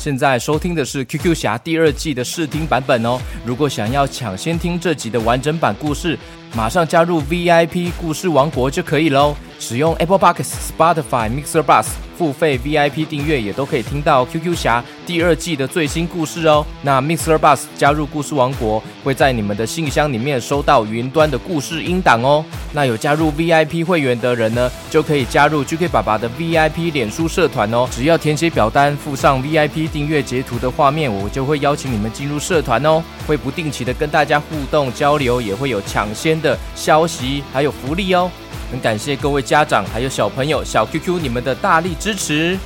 現在收聽的是《Q Q 俠》第二季的試聽版本哦。如果想要搶先聽這集的完整版故事，馬上加入 V I P 故事王國就可以嘍、哦。使用 Apple Podcast Spotify、MixerBox 付費 V I P 訂閱也都可以聽到《Q Q 俠》第二季的最新故事哦。那 MixerBox 加入故事王國，會在你們的信箱裡面收到雲端的故事音檔哦。那有加入 V I P 會員的人呢，就可以加入 GK 爸爸的 V I P 臉書社團哦。只要填寫表單，附上 V I P。訂閱截圖的畫面，我就會邀請你們進入社團哦，會不定期的跟大家互動交流，也會有搶先的消息，還有福利哦。很感謝各位家長還有小朋友小 QQ 你們的大力支持。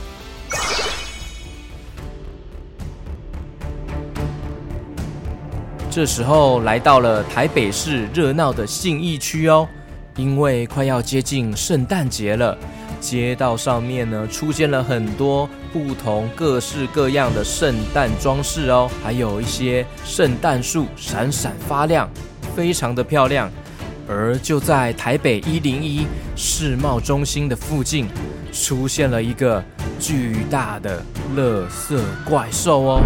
這時候來到了台北市熱鬧的信義區哦，因為快要接近聖誕節了。街道上面呢，出現了很多不同、各式各樣的聖誕裝飾哦，還有一些聖誕樹閃閃發亮，非常的漂亮。而就在台北一零一世貿中心的附近，出現了一個巨大的垃圾怪獸哦，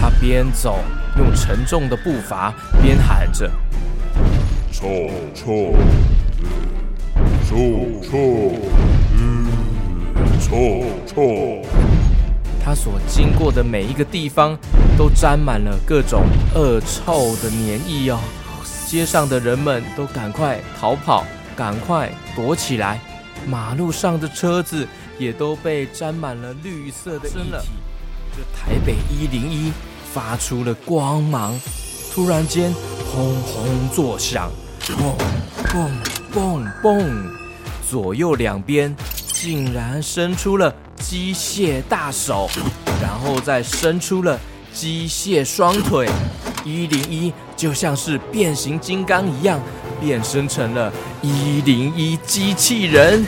他邊走用沉重的步伐邊喊着：“臭臭。”臭臭，臭臭，他所經過的每一個地方都沾滿了各種惡臭的粘液哦。街上的人們都趕快逃跑，趕快躲起來。馬路上的車子也都被沾滿了綠色的液體。這台北一零一發出了光芒，突然間轟轟作響。蹦蹦蹦！左右兩邊竟然伸出了機械大手，然後再伸出了機械雙腿，一零一就像是變形金剛一樣，變身成了一零一機器人。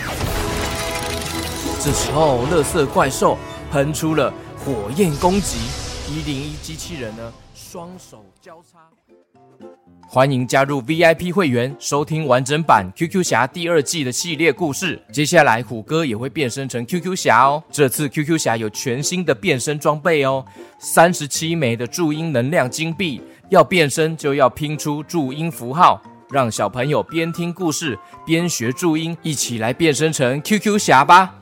這時候，垃圾怪獸噴出了火焰攻擊，一零一機器人呢？雙手交叉，歡迎加入 VIP 會員，收聽完整版《QQ 俠》第二季的系列故事。接下來，虎哥也會變身成 QQ 俠哦。這次 QQ 俠有全新的變身裝備哦，三十七枚的注音能量金幣。要變身就要拼出注音符號，讓小朋友邊聽故事邊學注音，一起來變身成 QQ 俠吧。